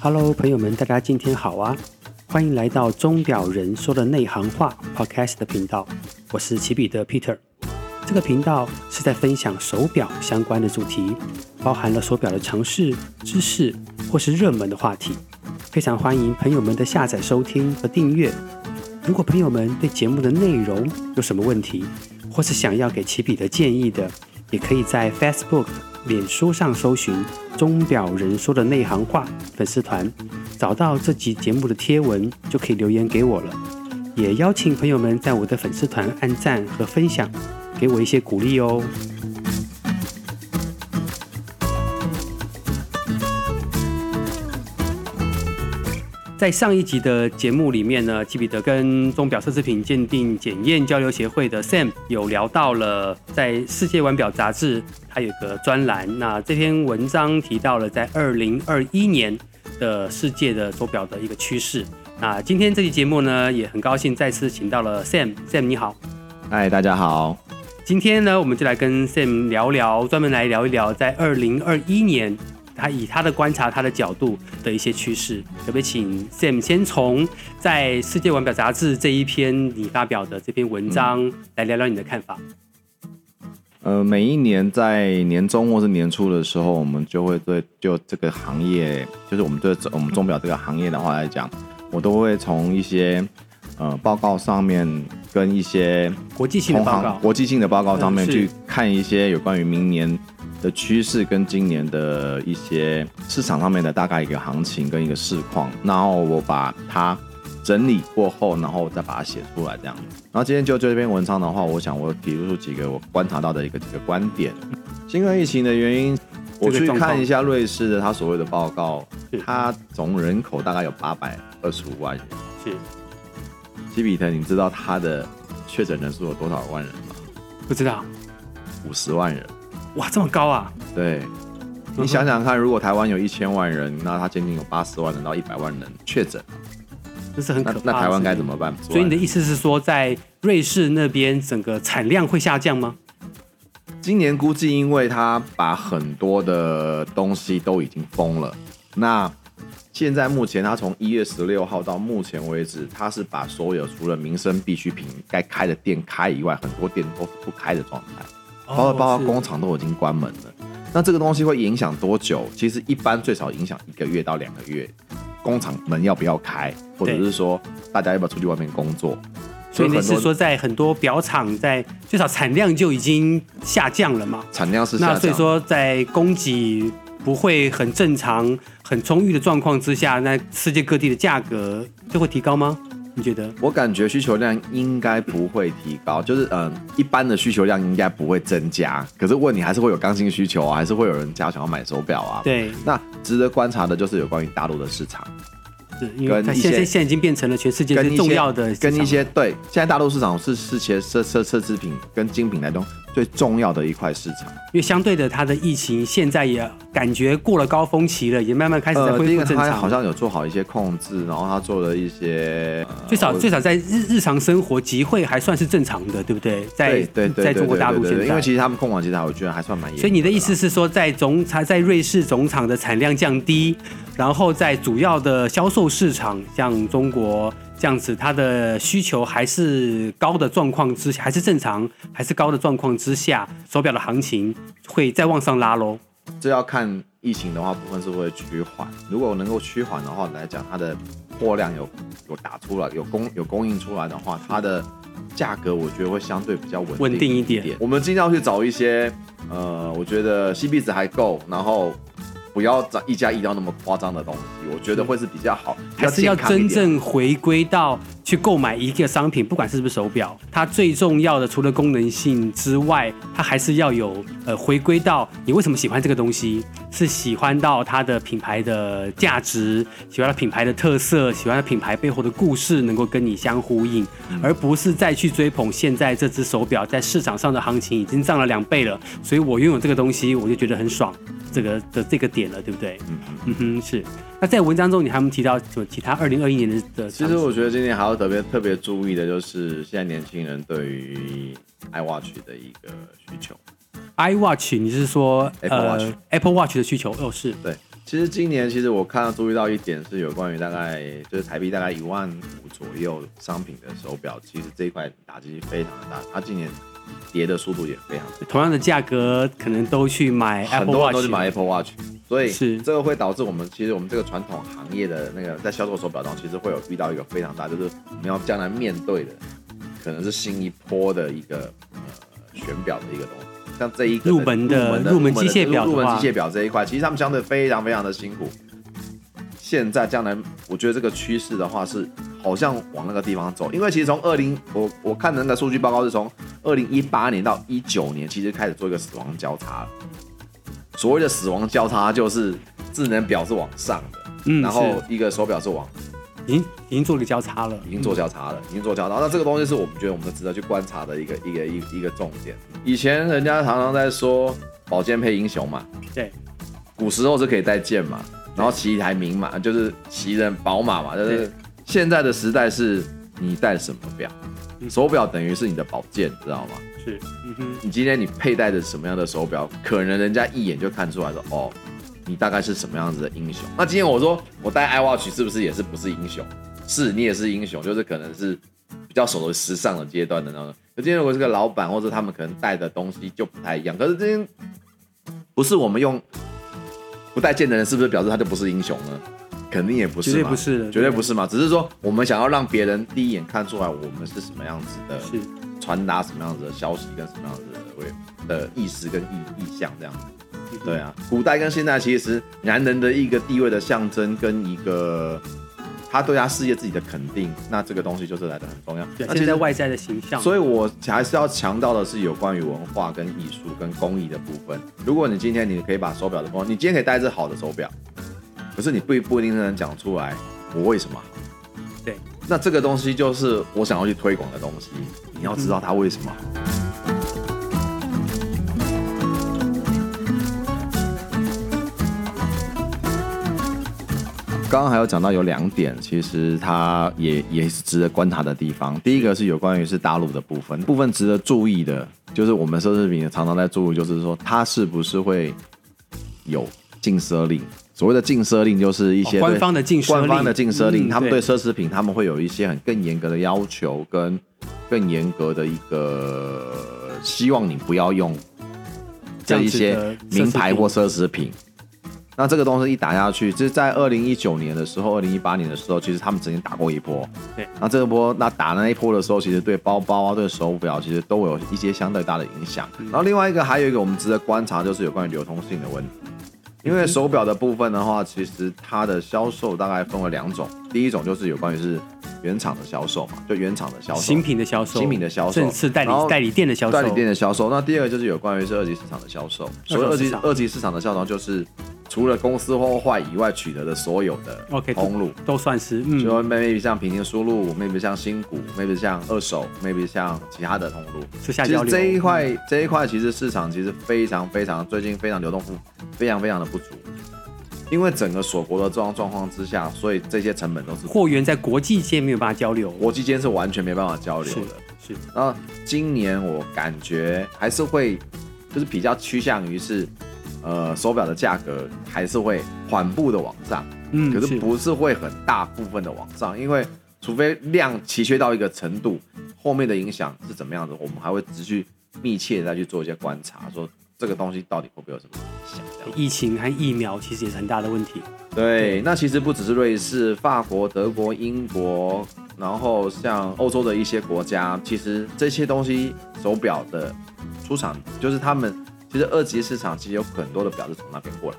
哈嘍，Hello, 朋友們，大家今天好啊！歡迎來到鐘錶人說的內行話 Podcast 的頻道，我是齊彼得 Peter。這個頻道是在分享手錶相關的主題，包含了手錶的常識知識或是熱門的話題。非常歡迎朋友們的下載、收聽和訂閱。如果朋友們對節目的內容有什麼問題，或是想要給齊彼得建議的，也可以在 Facebook、臉書上搜尋。鐘錶人說的內行話，粉絲團找到這集節目的貼文，就可以留言給我了。也邀請朋友們在我的粉絲團按讚和分享，給我一些鼓勵哦。在上一集的節目裡面呢，齊彼得跟鐘錶奢侈品鑑定檢驗交流協會的 Sam 有聊到了，在世界腕錶雜誌它有一個專欄。那這篇文章提到了在二零二一年的世界的手錶的一個趨勢。那今天這期節目呢，也很高興再次請到了 Sam。Sam 你好，嗨，大家好。今天呢，我們就來跟 Sam 聊聊，專門來聊一聊在二零二一年。他以他的觀察，他的角度的一些趨勢，特別請 Sam 先從在《世界腕表雜誌》這一篇你發表的這篇文章來聊聊你的看法。嗯、呃，每一年在年終或是年初的時候，我們就會對就這個行業，就是我們對我們鐘表這個行業的話來講，我都會從一些、呃、報告上面跟一些國際性的報告、國際性的報告上面、嗯、去看一些有關於明年。的趨勢跟今年的一些市場上面的大概一個行情跟一個市況，然後我把它整理過後，然後再把它寫出來這樣。然後今天就這篇文章的話，我想我提出幾個我觀察到的一個幾個觀點。新冠疫情的原因，我去看一下瑞士的他所謂的報告，他總人口大概有八百二十五萬人。謝是。齊彼得，你知道他的確診人數有多少萬人嗎？不知道。五十萬人。哇，這麼高啊？對，你想想看，如果台灣有一千萬人，那他將近，近有八十萬人到一百萬人確診，這是很可那，那台灣該怎麼辦？所以你的意思是說，在瑞士那邊整個產量會下降嗎？今年估計，因為他把很多的東西都已經封了。那現在目前，他從一月十六號到目前為止，他是把所有除了民生必需品該開的店開以外，很多店都是不開的狀態。包括包括工廠都已經關門了。哦，那這個東西會影響多久？其實一般最少影響一個月到兩個月，工廠門要不要開，或者是說大家要不要出去外面工作？對所以你是說在很多錶廠在最少產量就已經下降了嗎？產量是下降。那所以說在供給不會很正常、很充裕的狀況之下，那世界各地的價格就會提高嗎？你覺得？我感覺需求量應該不會提高，就是嗯，一般的需求量應該不會增加。可是問你，還是會有剛性需求啊，還是會有人家想要買手錶啊？對，那值得觀察的就是有關於大陸的市場。是，因為他現在現在已經變成了全世界最重要的，跟一些對，現在大陸市場是是些奢奢奢侈品跟精品當中最重要的一塊市場。因為相對的，它的疫情現在也感覺過了高峰期了，也慢慢開始在恢復正常。好像有做好一些控制，然後他做了一些，最少最少在日日常生活集會還算是正常的，對不對？在對，在中國大陸現在，因為其實他們控往集團我覺得還算滿意。所以你的意思是說，在總廠在瑞士總廠的產量降低。然後在主要的銷售市場，像中國這樣子，它的需求還是高的狀況之下，還是正常，還是高的狀況之下，手錶的行情會再往上拉嘍。這要看疫情的話，部分是會趨緩。如果能夠趨緩的話來講，它的貨量有有打出來，有供有供應出來的話，它的價格我覺得會相對比較穩定，定一點。我們盡量去找一些，呃，我覺得 CP 值還夠，然後。不要找一加一到那麼誇張的東西，我覺得會是比較好，是，比較健康一點，還是要真正回歸到。去購買一個商品，不管是不是手表，它最重要的除了功能性之外，它還是要有呃回歸到你為什麼喜歡這個東西，是喜歡到它的品牌的價值，喜歡它品牌的特色，喜歡它品牌背後的故事能夠跟你相呼應，嗯、而不是再去追捧。現在這隻手表在市場上的行情已經漲了兩倍了，所以我擁有這個東西，我就覺得很爽。這個的這個點了，對不對？嗯，嗯哼，是。那在文章中，你還沒提到什麼其他二零二一年的？的其實我覺得今年還要。特別特別注意的就是現在年輕人對於 iWatch 的一個需求，iWatch 你是說 Apple Watch、呃、Apple Watch 的需求又、哦、是對，其實今年其實我看到注意到一點是有關於大概就是台幣大概一萬五左右商品的手表，其實這一塊打擊非常的大，他今年。跌的速度也非常。同樣的價格，可能都去買 Apple Watch，很多人都去買 Apple Watch，< 是 S 1> 所以是這個會導致我們其實我們這個傳統行業的那個在銷售手表中，其實會有遇到一個非常大，就是我們要將來面對的可能是新一波的一個呃選表的一個東西，像這一個入門的入門機械表，入門機械表這一塊，其實他們相對非常非常的辛苦。現在將來，我覺得這個趨勢的話是好像往那個地方走，因為其實從二零我我看那個數據報告是從。二零一八年到一九年，其實開始做一個死亡交叉了。所謂的死亡交叉，就是智能表是往上的，嗯，然後一個手表是往、嗯是已，已經做個交叉了，已經做交叉了，已經做交叉、嗯、那這個東西是我們覺得我們值得去觀察的一個一個一個一個重點。以前人家常常在說寶劍配英雄嘛，對，古時候是可以帶劍嘛，然後騎一台名馬，就是騎人寶馬嘛，就是現在的時代是你帶什麼表。手錶等於是你的寶劍，知道嗎？是，嗯哼。你今天你佩戴着什麼樣的手錶，可能人家一眼就看出來說，說哦，你大概是什麼樣子的英雄。那今天我說我戴 iWatch 是不是也是不是英雄？是，你也是英雄，就是可能是比較所謂時尚的階段的那種。那今天如果是個老闆，或者他們可能戴的東西就不太一樣。可是今天不是我們用不戴劍的人，是不是表示他就不是英雄呢？肯定也不是嘛，絕對不是，絕對不是嘛。對對對，只是說，我們想要讓別人第一眼看出來我們是什麼樣子的，傳達是什麼樣子的消息跟什麼樣子的為是意識跟意意象這樣子。對啊，嗯、古代跟現代其實男人的一個地位的象徵跟一個他對他事業自己的肯定，那這個東西就是來得很重要。而且、啊、在外在的形象。所以，我還是要強調的是有關於文化跟藝術跟工藝的部分。如果你今天你可以把手表的朋友，你今天可以戴一只好的手表。可是你不不一定能講出來，我為什麼？對，那這個東西就是我想要去推廣的東西。你要知道它為什麼。嗯、剛剛還有講到有兩點，其實它也也是值得觀察的地方。第一個是有關於是大陸的部分，部分值得注意的就是我們奢侈品常常在注意，就是說它是不是會有禁奢令。所謂的禁奢令就是一些官方的禁奢令，官方的禁奢令，他們對奢侈品對他們會有一些很更嚴格的要求，跟更嚴格的一個希望你不要用這一些名牌或奢侈品。這樣子的奢侈品那這個東西一打下去，就是在二零一九年的時候，二零一八年的時候，其實他們曾經打過一波。對，那這一波那打那一波的時候，其實對包包啊、對手表其實都有一些相對大的影響。嗯、然後另外一個還有一個我們值得觀察就是有關於流通性的問題。因為手錶的部分的話，其實它的銷售大概分為兩種，第一種就是有關於是原廠的銷售嘛，就原廠的銷售、新品的銷售、新品的銷售、正次代理代理店的銷售、代理店的銷售。那第二個就是有關於是二級市場的銷售，所以二級二級市場的銷售就是。除了公司貨以外，取得的所有的通 Okay, 路都，都算是，所、嗯、以 maybe 像平行輸入，maybe 像新股，maybe 像二手，maybe 像其他的通路。下其實這一塊，嗯啊、這一塊其實市場其實非常非常最近非常流動不非常非常的不足，因為整個鎖國的狀狀況之下，所以這些成本都是不足貨源在國際間沒有辦法交流，國際間是完全沒辦法交流的。是。然後今年我感覺還是會，就是比較趨向於是。呃，手錶的價格還是會緩步的往上，嗯，可是不是會很大部分的往上，的因為除非量奇缺到一個程度，後面的影響是怎麼樣子，我們還會持續密切再去做一些觀察，說這個東西到底會不會有什麼影響？疫情和疫苗其實也是很大的問題。對，對那其實不只是瑞士、法國、德國、英國，然後像歐洲的一些國家，其實這些東西手錶的出廠就是他們。其實二級市場其實有很多的表是從那邊過來，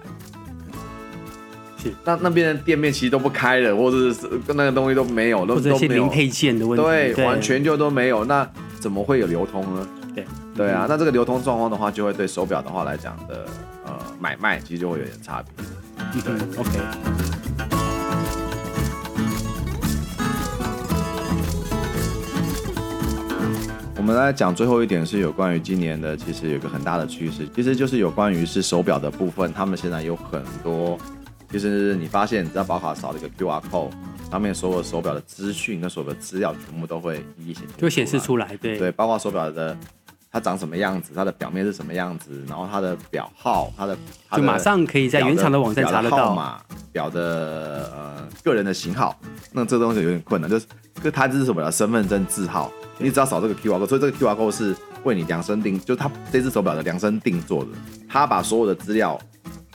是那那邊的店面其實都不開了，或者是那個東西都沒有，都都零配件的問題，對，對完全就都沒有，那怎麼會有流通呢？對，對啊，那這個流通狀況的話，就會對手表的話來講的，呃，買賣其實就會有點差別。嗯對對，OK。我們來講最後一點是有關於今年的，其實有個很大的趨勢，其實就是有關於是手表的部分，他們現在有很多，其實是你發現你知道保卡掃一個 QR Code 上面，所有手表的資訊跟所有的資料全部都會一一顯示，就顯示出來，對對，包括手表的它長什麼樣子，它的表面是什麼樣子，然後它的表號，它的，它的就馬上可以在原廠的網站查得到嘛。錶的呃個人的型號，那這東西有點困難，就是就他這是什麼的身份證字號，對你只要掃這個 QR code，所以這個 QR code 是為你量身定，就他這只手錶的量身定做的。他把所有的資料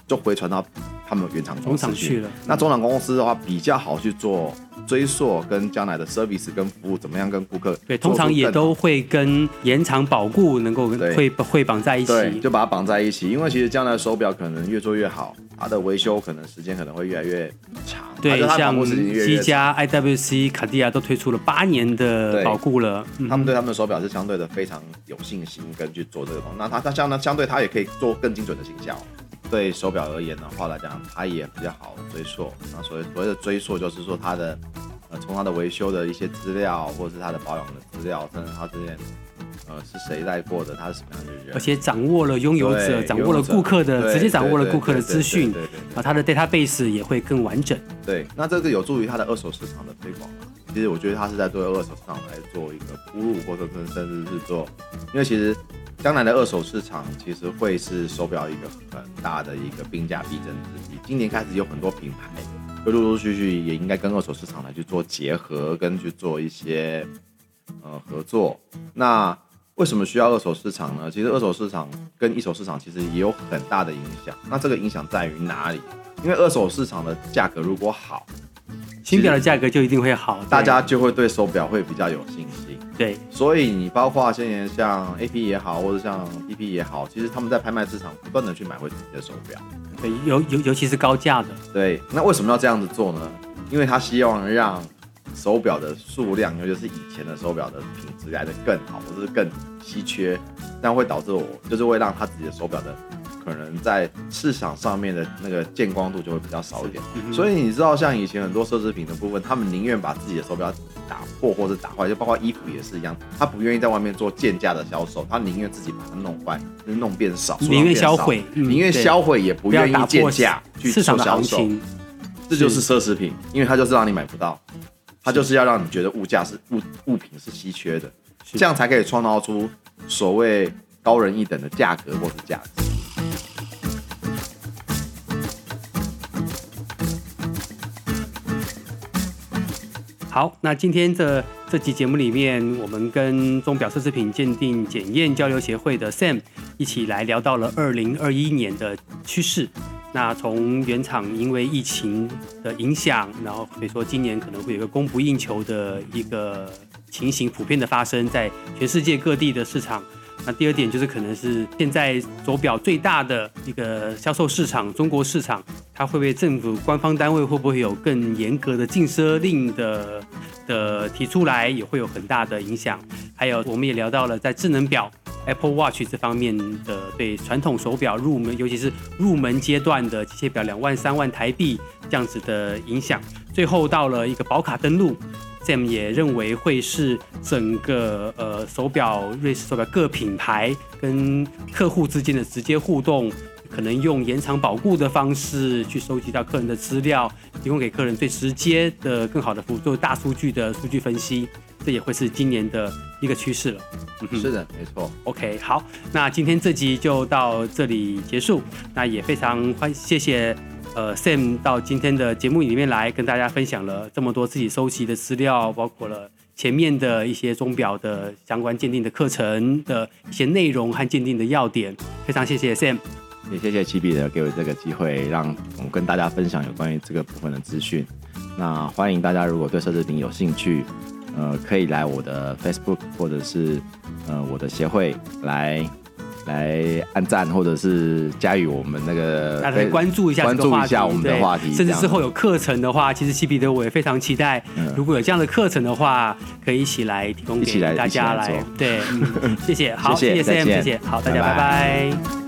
就回傳到他們原廠公司去，去了。那中廠公司的話比較好去做追溯，跟將來的 service 跟服務怎麼樣跟顧客對，通常也都會跟延長保固能夠會對會綁在一起，對就把它綁在一起。因為其實將來的手錶可能越做越好。它的維修可能時間可能會越來越長，對，是越越像積家、IWC、卡地亞都推出了八年的保固了。對嗯、哼他們對他們的手表是相對的非常有信心，跟去做這個東西。那它它相呢相對它也可以做更精準的行銷。對手表而言的話來講，它也比較好追溯。那所謂所謂的追溯，就是說它的從、呃、它的維修的一些資料，或者是它的保養的資料，甚至它這些。呃，是誰帶過的？他是什麼樣的人？而且掌握了擁有者，對掌握了顧客的，對直接掌握了顧客的資訊，對對。啊，他的 database 也會更完整。對，那這個有助於他的二手市場的推廣嘛？其實我覺得他是在對二手上來做一個鋪路，或者更甚至是做，因為其實將來的二手市場其實會是手錶一個很大的一個兵家必爭之地。今年開始有很多品牌會陸陸續續，續，也應該跟二手市場來去做結合，跟去做一些呃合作。那為什麼需要二手市場呢？其實二手市場跟一手市場其實也有很大的影響。那這個影響在於哪裡？因為二手市場的價格如果好，新表的價格就一定會好，大家就會對手表會比較有信心。對，所以你包括現在像 A P 也好，或者像 D P 也好，其實他們在拍賣市場不斷地去買回自己的手表。對，尤尤尤其是高價的。對，那為什麼要這樣子做呢？因為他希望讓。手錶的數量，尤其是以前的手錶的品質來的更好，或、就、者是更稀缺，但會導致我就是會讓他自己的手錶的可能在市場上面的那個見光度就會比較少一點。嗯、所以你知道，像以前很多奢侈品的部分，他們寧願把自己的手錶打破或者打壞，就包括衣服也是一樣，他不願意在外面做賤價的銷售，他寧願自己把它弄壞，就是、弄變少，寧願銷毀，寧願銷毀也不願意賤價去做銷售。這就是奢侈品，是因為他就是讓你買不到。它就是要讓你覺得物價是物物品是稀缺的，的這樣才可以創造出所謂高人一等的價格或是價值。的好，那今天這這期節目裡面，我們跟鐘錶奢侈品鑑定檢驗交流協會的 Sam 一起來聊到了2021年的趨勢。那從原廠因為疫情的影響，然後比如說今年可能會有一個供不應求的一個情形，普遍的發生在全世界各地的市場。那第二點就是，可能是現在手表最大的一個銷售市場，中國市場，它會不會政府官方單位會不會有更嚴格的禁奢令的的提出來，也會有很大的影響。還有，我們也聊到了在智能表。Apple Watch 這方面的對傳統手表入門，尤其是入門階段的機械表兩萬三萬台幣這樣子的影響，最後到了一個保卡登錄，Sam 也認為會是整個呃手表瑞士手表各品牌跟客戶之間的直接互動。可能用延長保固的方式去收集到客人的資料，提供給客人最直接的、更好的服務，做大數據的數據分析，這也會是今年的一個趨勢了。嗯，是的，沒錯。OK，好，那今天這集就到這裡結束。那也非常歡謝謝，呃，Sam 到今天的節目裡面來跟大家分享了這麼多自己收集的資料，包括了前面的一些鐘錶的相關鑑定的課程的一些內容和鑑定的要點，非常謝謝 Sam。也謝謝齊彼得給我這個機會，讓我跟大家分享有關於這個部分的資訊。那歡迎大家，如果對奢侈品有興趣，呃，可以來我的 Facebook 或者是呃我的協會來來按讚，或者是加入我們那個。那來關注一下關注一下我們的話題。對甚至之後有課程的話，其實齊彼得我也非常期待。嗯、如果有這樣的課程的話，可以一起來提供給大家來。對、嗯，謝謝。好， 謝謝 Sam，見謝謝。好，大家拜拜。拜拜。